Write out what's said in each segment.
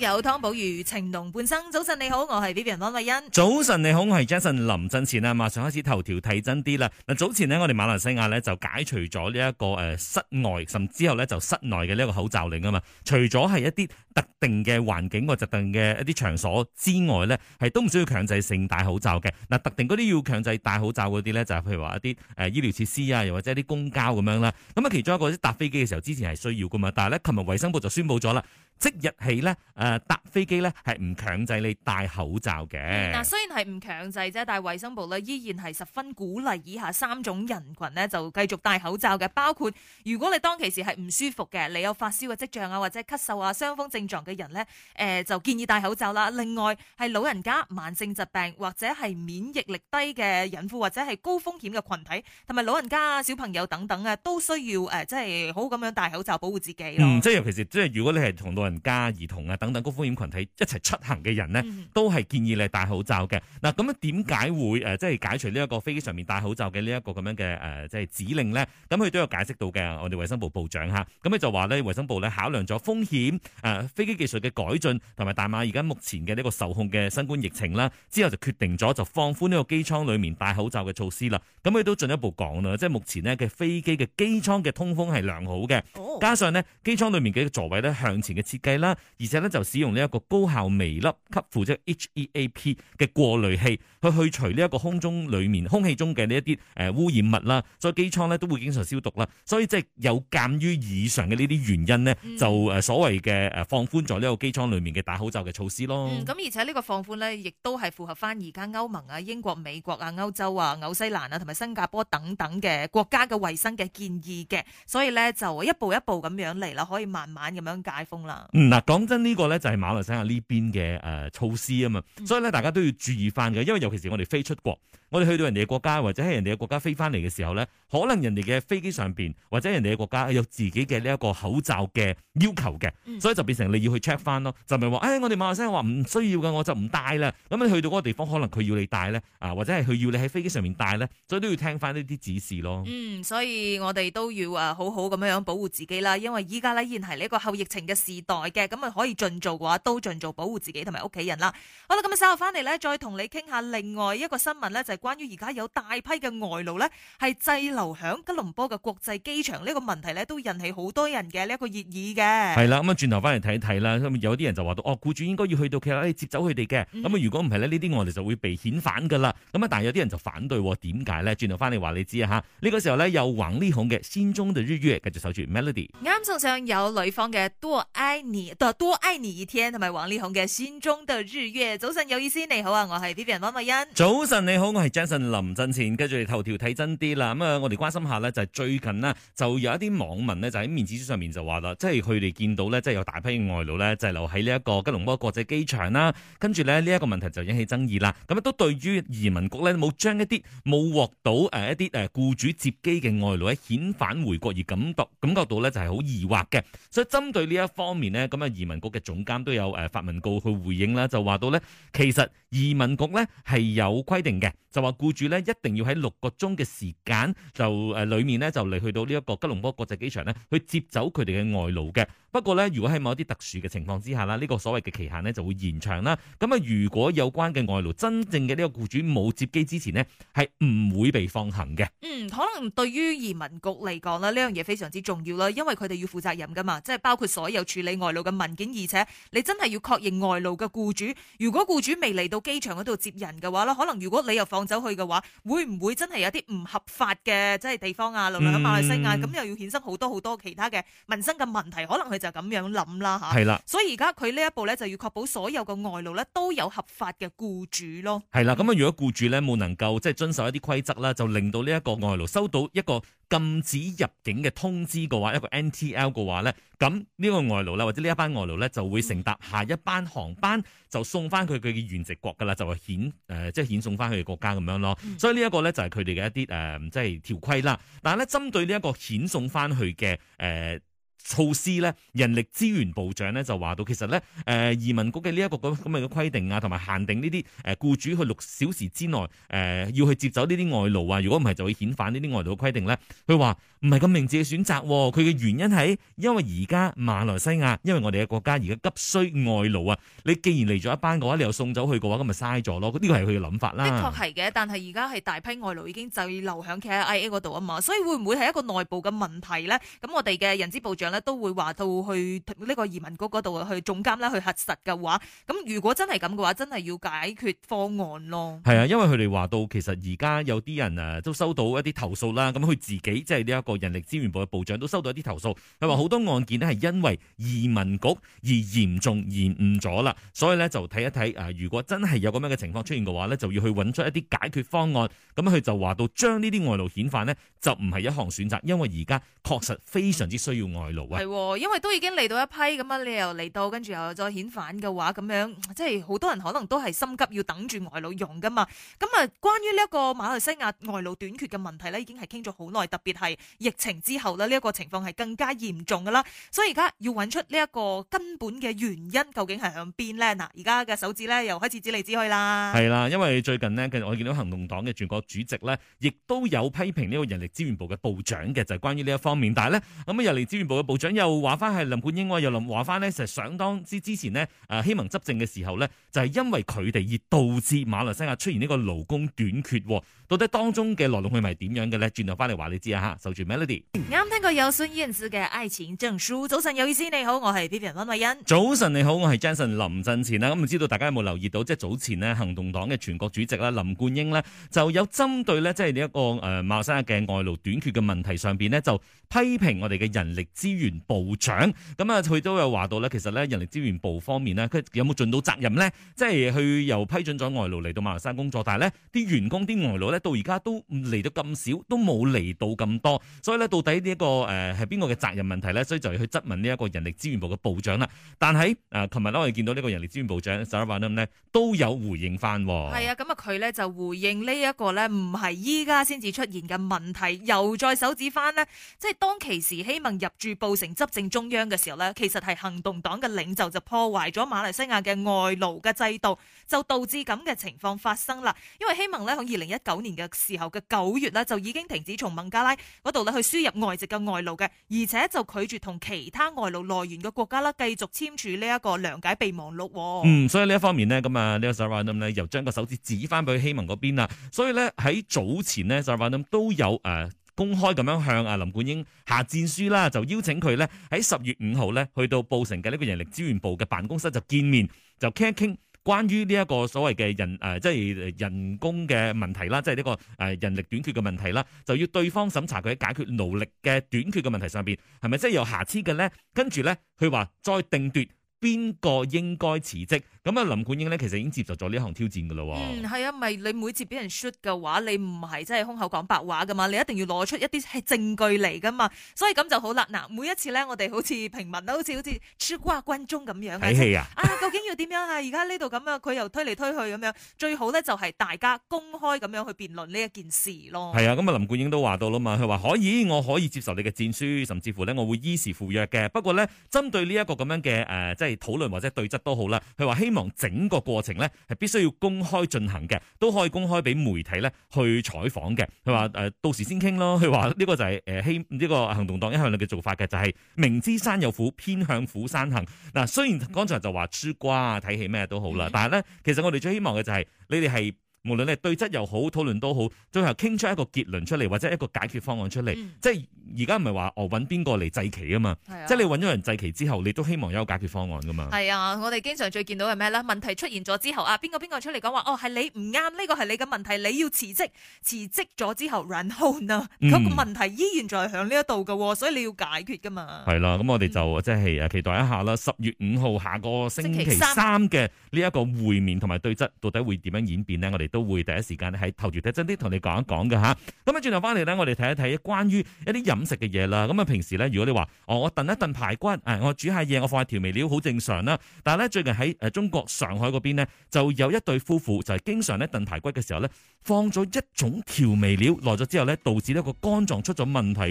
有湯寶如情濃半生。早晨你好，我係 Vivian 溫慧欣。早晨你好，我係 Jason。林振前啊，馬上開始頭條睇真啲啦。嗱，早前咧，我哋馬來西亞咧就解除咗呢一個誒室外，甚至之後咧就室內嘅呢一個口罩令啊嘛。除咗係一啲特定嘅環境或特定嘅一啲場所之外咧，係都唔需要強制性戴口罩嘅。嗱，特定嗰啲要強制戴口罩嗰啲咧，就係譬如話一啲誒醫療設施啊，又或者啲公交咁樣啦。咁啊，其中一個搭飛機嘅時候之前係需要噶嘛，但係咧琴日衛生部就宣布咗啦，即日起咧。誒，搭飛機咧係唔強制你戴口罩嘅。嗱、嗯，雖然係唔強制啫，但係衛生部咧依然係十分鼓勵以下三種人群呢就繼續戴口罩嘅，包括如果你當其時係唔舒服嘅，你有發燒嘅跡象啊，或者咳嗽啊、傷風症狀嘅人呢，誒、呃、就建議戴口罩啦。另外係老人家、慢性疾病或者係免疫力低嘅孕婦，或者係高風險嘅群體，同埋老人家、小朋友等等啊，都需要誒即係好好咁樣戴口罩保護自己。即係、嗯、尤其是即係如果你係同老人家而同、兒童啊。等等高風險群體一齊出行嘅人呢，都係建議你戴口罩嘅。嗱，咁樣點解會誒即係解除呢一個飛機上面戴口罩嘅呢一個咁樣嘅誒即係指令呢？咁佢都有解釋到嘅。我哋衛生部部長吓，咁佢就話呢：「衛生部咧考量咗風險誒、呃、飛機技術嘅改進，同埋大馬而家目前嘅呢個受控嘅新冠疫情啦，之後就決定咗就放寬呢個機艙裡面戴口罩嘅措施啦。」咁佢都進一步講啦，即係目前呢嘅飛機嘅機艙嘅通風係良好嘅，加上呢機艙裡面嘅座位咧向前嘅設計啦，而且咧。就使用呢一個高效微粒吸附即係 HEAP 嘅過濾器去去除呢一個空中裏面空氣中嘅呢一啲誒污染物啦，所以機艙咧都會經常消毒啦。所以即係有鑒於以上嘅呢啲原因呢，就誒所謂嘅誒放寬咗呢個機艙裏面嘅戴口罩嘅措施咯。咁、嗯嗯、而且呢個放寬呢，亦都係符合翻而家歐盟啊、英國、美國啊、歐洲啊、紐西蘭啊同埋新加坡等等嘅國家嘅衛生嘅建議嘅。所以咧就一步一步咁樣嚟啦，可以慢慢咁樣解封啦。嗯，嗱講真呢個。咧就係馬來西亞呢邊嘅誒措施啊嘛，所以咧大家都要注意翻嘅，因為尤其是我哋飛出國。我哋去到人哋嘅國家，或者喺人哋嘅國家飛翻嚟嘅時候咧，可能人哋嘅飛機上邊，或者人哋嘅國家有自己嘅呢一個口罩嘅要求嘅，嗯、所以就變成你要去 check 翻咯，就咪係話，唉，我哋馬來西亞話唔需要嘅，我就唔戴啦。咁你去到嗰個地方，可能佢要你戴咧，啊，或者係佢要你喺飛機上面戴咧，所以都要聽翻呢啲指示咯。嗯，所以我哋都要啊，好好咁樣樣保護自己啦，因為依家咧依然係呢一個後疫情嘅時代嘅，咁啊可以盡做嘅話，都盡做保護自己同埋屋企人啦。好啦，咁啊稍後翻嚟咧，再同你傾下另外一個新聞咧，就係、是。關於而家有大批嘅外勞咧，係滯留響吉隆坡嘅國際機場呢個問題咧，都引起好多人嘅呢一個熱議嘅。係啦，咁啊轉頭翻嚟睇一睇啦，咁有啲人就話到哦，僱主應該要去到佢，誒接走佢哋嘅。咁啊、嗯，如果唔係呢，呢啲我哋就會被遣返噶啦。咁啊，但係有啲人就反對，點解咧？轉頭翻嚟話你知啊吓。呢、這個時候咧，有王力宏嘅《心中的日月》，繼續守住 Melody。啱送上有女方嘅《多愛你》的《多愛你一天》，同埋王力宏嘅《心中的日月》。早晨有意思，你好啊，我係 B B 人溫偉欣。早晨你好，我係。Jason 林振前，跟住頭條睇真啲啦。咁啊，我哋關心下咧，就係最近呢，就有一啲網民呢，就喺面子書上面就話啦，即係佢哋見到咧，即係有大批外勞咧，滯留喺呢一個吉隆坡國際機場啦。跟住咧，呢一個問題就引起爭議啦。咁啊，都對於移民局咧，冇將一啲冇獲到誒一啲誒雇主接機嘅外勞咧遣返回國而感感覺到咧，就係好疑惑嘅。所以針對呢一方面呢，咁啊，移民局嘅總監都有誒發文告去回應啦，就話到呢，其實移民局咧係有規定嘅。就話僱主咧一定要喺六個鐘嘅時間，就誒裏面咧就嚟去到呢一個吉隆坡國際機場咧，去接走佢哋嘅外勞嘅。不過呢，如果喺某一啲特殊嘅情況之下呢、呢個所謂嘅期限呢就會延長啦。咁啊，如果有關嘅外勞真正嘅呢個僱主冇接機之前呢，係唔會被放行嘅。嗯，可能對於移民局嚟講咧，呢樣嘢非常之重要啦，因為佢哋要負責任噶嘛，即係包括所有處理外勞嘅文件，而且你真係要確認外勞嘅僱主，如果僱主未嚟到機場嗰度接人嘅話，可能如果你又放走去嘅話，會唔會真係有啲唔合法嘅即係地方啊，留留喺馬來西亞咁，嗯、又要衍生好多好多其他嘅民生嘅問題，可能佢。就咁樣諗啦吓，係啦，的所以而家佢呢一步咧就要確保所有嘅外勞咧都有合法嘅雇主咯。係啦，咁啊，如果雇主咧冇能夠即係遵守一啲規則啦，就令到呢一個外勞收到一個禁止入境嘅通知嘅話，一個 NTL 嘅話咧，咁呢個外勞啦，或者呢一班外勞咧就會乘搭下一班航班，嗯、就送翻佢嘅原籍國噶啦，就遣誒即係遣送翻佢嘅國家咁樣咯。嗯、所以呢一個咧、呃、就係佢哋嘅一啲誒即係條規啦。但係咧針對呢一個遣送翻去嘅誒。呃措施咧，人力資源部長咧就話到，其實咧，誒移民局嘅呢一個咁咁嘅規定啊，同埋限定呢啲誒僱主去六小時之內誒要去接走呢啲外勞啊，如果唔係就會遣返呢啲外勞嘅規定咧。佢話唔係咁明智嘅選擇，佢嘅原因係因為而家馬來西亞，因為我哋嘅國家而家急需外勞啊，你既然嚟咗一班嘅話，你又送走去嘅話，咁咪嘥咗咯。呢個係佢嘅諗法啦。的確係嘅，但係而家係大批外勞已經滯留響佢喺 IA 嗰度啊嘛，所以會唔會係一個內部嘅問題咧？咁我哋嘅人資部長。都會話到去呢個移民局嗰度去總監啦，去核實嘅話，咁如果真係咁嘅話，真係要解決方案咯。係啊，因為佢哋話到，其實而家有啲人啊，都收到一啲投訴啦。咁佢自己即係呢一個人力資源部嘅部長，都收到一啲投訴。佢話好多案件呢，係因為移民局而嚴重延誤咗啦，所以呢，就睇一睇誒。如果真係有咁樣嘅情況出現嘅話呢，就要去揾出一啲解決方案。咁佢就話到，將呢啲外勞遣返呢，就唔係一項選擇，因為而家確實非常之需要外勞。係、哦，因為都已經嚟到一批咁啊，你又嚟到，跟住又再遣返嘅話，咁樣即係好多人可能都係心急要等住外勞用噶嘛。咁啊，關於呢一個馬來西亞外勞短缺嘅問題呢，已經係傾咗好耐，特別係疫情之後咧，呢、這、一個情況係更加嚴重噶啦。所以而家要揾出呢一個根本嘅原因，究竟係向邊呢？嗱，而家嘅手指呢又開始指嚟指去啦。係啦，因為最近呢，其實我見到行動黨嘅全國主席呢，亦都有批評呢個人力資源部嘅部長嘅，就係、是、關於呢一方面。但係呢。咁啊，人力資源部嘅部長又話翻係林冠英又林話翻呢，實上當之之前呢，誒希盟執政嘅時候呢，就係、是、因為佢哋而導致馬來西亞出現呢個勞工短缺，到底當中嘅來龍去脈點樣嘅呢？轉頭翻嚟話你知啊吓，守住 Melody。啱聽過有孫燕姿嘅《愛情證書》，早晨有意思。你好，我係 P P 林偉欣。早晨你好，我係 Jason 林振前啦。咁唔知道大家有冇留意到，即係早前呢，行動黨嘅全國主席啦林冠英呢，就有針對呢，即係一個誒馬來西亞嘅外勞短缺嘅問題上邊呢，就批評我哋嘅人力資源。部長咁啊，佢都有話到咧，其實咧人力資源部方面呢，佢有冇盡到責任呢？即係佢又批准咗外勞嚟到馬來西亞工作，但係呢啲員工啲外勞呢，到而家都嚟到咁少，都冇嚟到咁多，所以呢，到底呢一個誒係邊個嘅責任問題呢？所以就要去質問呢一個人力資源部嘅部長啦。但係誒，琴日我哋見到呢個人力資源部長 Saravanan 都有回應翻，係啊，咁啊佢呢就回應呢一個呢，唔係依家先至出現嘅問題，又再手指翻呢。即係當其時希望入住。造成執政中央嘅時候呢，其實係行動黨嘅領袖就破壞咗馬來西亞嘅外勞嘅制度，就導致咁嘅情況發生啦。因為希盟呢，喺二零一九年嘅時候嘅九月呢，就已經停止從孟加拉嗰度呢去輸入外籍嘅外勞嘅，而且就拒絕同其他外勞來源嘅國家呢繼續簽署呢一個諒解備忘錄。嗯，所以呢一方面呢，咁啊，呢個 Sarvadin 又將個手指指翻俾希盟嗰邊啦。所以呢，喺早前呢，Sarvadin 都有誒。呃公開咁樣向啊林冠英下戰書啦，就邀請佢咧喺十月五號咧去到布城嘅呢個人力資源部嘅辦公室就見面，就傾一傾關於呢一個所謂嘅人誒，即係人工嘅問題啦，即係呢個誒人力短缺嘅問題啦，就要對方審查佢解決勞力嘅短缺嘅問題上邊係咪真係有瑕疵嘅咧？跟住咧，佢話再定奪。邊個應該辭職？咁啊，林冠英咧，其實已經接受咗呢一項挑戰噶啦。嗯，係啊，咪你每次俾人 shoot 嘅話，你唔係真係空口講白話噶嘛，你一定要攞出一啲係證據嚟噶嘛。所以咁就好啦。嗱，每一次咧，我哋好似平民啦，好似好似吃瓜群眾咁樣睇戲啊。究竟要點樣啊？而家呢度咁樣，佢又推嚟推去咁樣。最好咧就係大家公開咁樣去辯論呢一件事咯。係啊，咁啊，林冠英都話到啦嘛，佢話可以，我可以接受你嘅戰書，甚至乎咧我會依時赴約嘅。不過咧，針對呢一個咁樣嘅誒、呃，即係。討論或者對質都好啦，佢話希望整個過程咧係必須要公開進行嘅，都可以公開俾媒體咧去採訪嘅。佢話誒，到時先傾咯。佢話呢個就係誒希呢個行動黨一向嘅做法嘅，就係、是、明知山有虎，偏向虎山行。嗱、啊，雖然剛才就話煮瓜啊、睇戲咩都好啦，但係咧，其實我哋最希望嘅就係、是、你哋係。無論你對質又好討論都好，最後傾出一個結論出嚟，或者一個解決方案出嚟，嗯、即係而家唔係話我揾邊個嚟祭旗啊嘛，是啊，即係你揾咗人祭旗之後，你都希望有一個解決方案噶嘛。係啊，我哋經常最見到係咩咧？問題出現咗之後啊，邊個邊個出嚟講話哦，係你唔啱，呢個係你嘅問題，你要辭職，辭職咗之後 run on 啊，嗰、嗯、個問題依然在響呢一度嘅，所以你要解決噶嘛。係啦、啊，咁我哋就即係期待一下啦。十月五號下個星期三嘅呢一個會面同埋對質，到底會點樣演變呢？我哋。都會第一時間喺頭條睇真啲同你講一講嘅，吓，咁啊轉頭翻嚟咧，我哋睇一睇關於一啲飲食嘅嘢啦。咁啊平時咧，如果你話哦，我燉一燉排骨，誒，我煮下嘢，我放下調味料好正常啦。但係咧最近喺誒、呃、中國上海嗰邊咧，就有一對夫婦就係經常咧燉排骨嘅時候咧，放咗一種調味料，落咗之後咧，導致呢個肝臟出咗問題。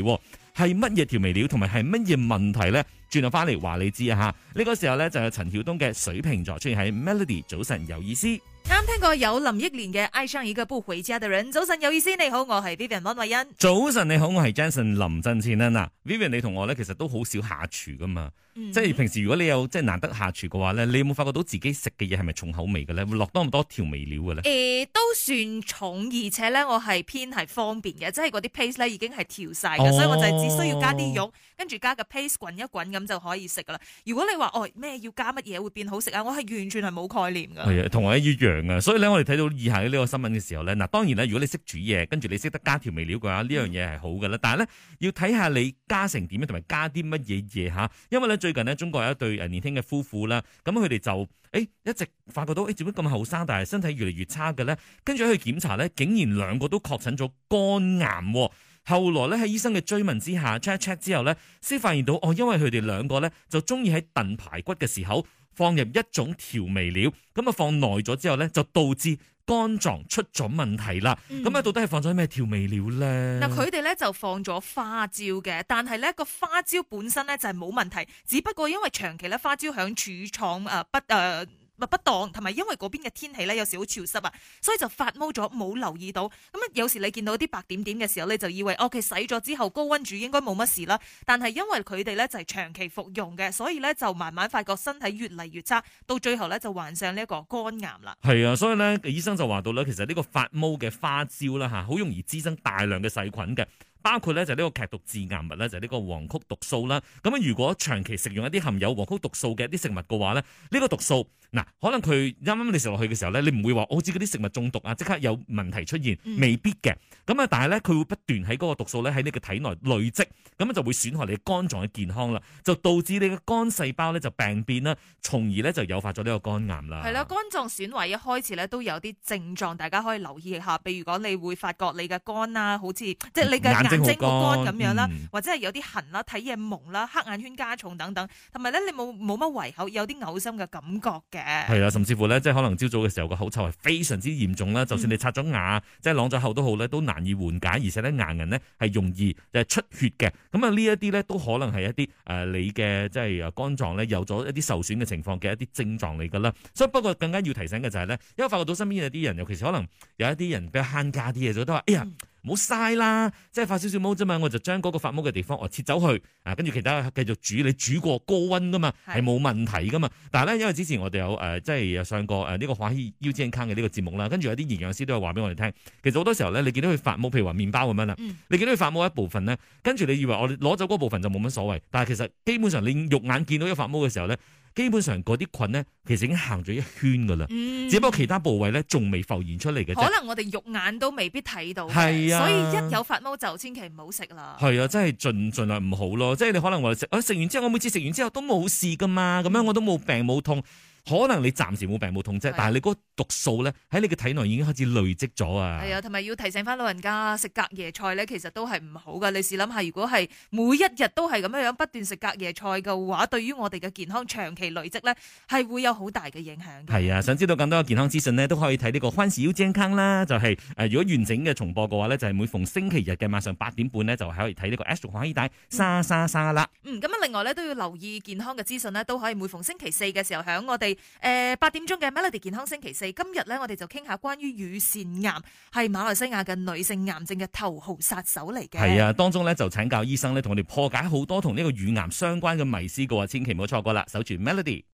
係乜嘢調味料同埋係乜嘢問題咧？轉頭翻嚟話你知啊嚇。呢、這個時候咧就係陳曉東嘅水瓶座出現喺 Melody 早晨有意思。啱聽過有林憶蓮嘅《愛上一個不回家的人》。早晨有意思，你好，我係 Vivian 溫慧欣。早晨你好，我係 Jason 林振志啦。嗱、呃、，Vivian 你同我咧，其實都好少下廚噶嘛。嗯、即係平時如果你有即係難得下廚嘅話咧，你有冇發覺到自己食嘅嘢係咪重口味嘅咧？會落多咁多調味料嘅咧？誒、欸，都算重，而且咧我係偏係方便嘅，即係嗰啲 paste 咧已經係調晒嘅，哦、所以我就只需要加啲肉，跟住加個 paste 滾一滾咁就可以食噶啦。如果你話哦咩要加乜嘢會變好食啊，我係完全係冇概念噶。係啊，同我一樣。所以咧，我哋睇到以下呢個新聞嘅時候咧，嗱當然啦，如果你識煮嘢，跟住你識得加調味料嘅話，呢樣嘢係好嘅啦。但係咧，要睇下你加成點，同埋加啲乜嘢嘢嚇。因為咧，最近呢，中國有一對年輕嘅夫婦啦，咁佢哋就誒、欸、一直發覺到誒，點解咁後生，但係身體越嚟越差嘅咧？跟住去檢查咧，竟然兩個都確診咗肝癌。後來咧，喺醫生嘅追問之下，check check 之後咧，先發現到哦，因為佢哋兩個咧就鍾意喺燉排骨嘅時候。放入一種調味料，咁啊放耐咗之後咧，就導致肝臟出咗問題啦。咁啊、嗯、到底係放咗咩調味料咧？佢哋咧就放咗花椒嘅，但係咧，個花椒本身咧就係冇問題，只不過因為長期咧花椒響儲藏誒不誒。呃不當，同埋因為嗰邊嘅天氣呢，有時好潮濕啊，所以就發毛咗，冇留意到。咁啊，有時你見到啲白點點嘅時候呢，你就以為哦，佢洗咗之後高溫煮應該冇乜事啦。但係因為佢哋呢，就係長期服用嘅，所以呢，就慢慢發覺身體越嚟越差，到最後呢，就患上呢個肝癌啦。係啊，所以呢，醫生就話到呢，其實呢個發毛嘅花椒啦嚇，好容易滋生大量嘅細菌嘅，包括呢，就呢個劇毒致癌物呢，就係呢個黃曲毒素啦。咁啊，如果長期食用一啲含有黃曲毒素嘅啲食物嘅話呢，呢個毒素。嗱，可能佢啱啱你食落去嘅時候咧，你唔會話，好似嗰啲食物中毒啊，即刻有問題出現，未必嘅。咁啊，但係咧，佢會不斷喺嗰個毒素咧喺你嘅體內累積，咁就會損害你肝臟嘅健康啦，就導致你嘅肝細胞咧就病變啦，從而咧就誘發咗呢個肝癌啦。係啦、嗯，肝臟損壞一開始咧都有啲症狀，大家可以留意一下。譬如講，你會發覺你嘅肝啦，好似即係你嘅眼睛好乾咁樣啦，嗯、或者係有啲痕啦，睇嘢朦啦，黑眼圈加重等等，同埋咧你冇冇乜胃口，有啲嘔心嘅感覺嘅。係啦、啊、甚至乎咧，即係可能朝早嘅時候個口臭係非常之嚴重啦，就算你擦咗牙，嗯、即係啷咗口都好咧，都難以緩解，而且咧牙齦咧係容易誒出血嘅，咁啊呢一啲咧都可能係一啲誒、呃、你嘅即係肝臟咧有咗一啲受損嘅情況嘅一啲症狀嚟噶啦，所以不過更加要提醒嘅就係、是、咧，因為發覺到身邊有啲人，尤其是可能有一啲人比較慳家啲嘢，就都話，哎呀。嗯唔好嘥啦，即係發少少毛啫嘛，我就將嗰個發毛嘅地方我切走去啊，跟住其他繼續煮，你煮過高溫噶嘛，係冇問題噶嘛。是的 但係咧，因為之前我哋有、呃、即係有上過誒呢、呃這個化腰 U Z 卡嘅呢個節目啦，跟住有啲營養師都有話俾我哋聽，其實好多時候咧，你見到佢發毛，譬如話麵包咁樣啦，嗯、你見到佢發毛一部分咧，跟住你以為我哋攞走嗰部分就冇乜所謂，但係其實基本上你肉眼見到有發毛嘅時候咧。基本上嗰啲菌咧，其實已經行咗一圈噶啦，嗯、只不過其他部位咧仲未浮現出嚟嘅啫。可能我哋肉眼都未必睇到，啊、所以一有發毛就千祈唔好食啦。係啊，真係盡盡量唔好咯。即係你可能話食，食、啊、食完之後我每次食完之後都冇事噶嘛，咁樣我都冇病冇痛。可能你暫時冇病冇痛啫，但係你個毒素咧喺你嘅體內已經開始累積咗啊！係啊，同埋要提醒翻老人家食隔夜菜咧，其實都係唔好㗎。你試諗下，如果係每一日都係咁樣樣不斷食隔夜菜嘅話，對於我哋嘅健康長期累積咧，係會有好大嘅影響嘅。係啊，想知道更多嘅健康資訊呢，都可以睇呢個歡士 U 健康啦，就係如果完整嘅重播嘅話咧，就係每逢星期日嘅晚上八點半呢，就可以睇呢個 S 族黃醫生沙沙沙啦。咁另外咧都要留意健康嘅資訊呢，都可以每逢星期四嘅時候喺我哋。誒，八點鐘嘅 Melody 健康星期四，今日咧我哋就傾下關於乳腺癌係馬來西亞嘅女性癌症嘅頭號殺手嚟嘅。係啊，當中咧就請教醫生咧，同我哋破解好多同呢個乳癌相關嘅迷思噶啊，千祈唔好錯過啦，守住 Melody。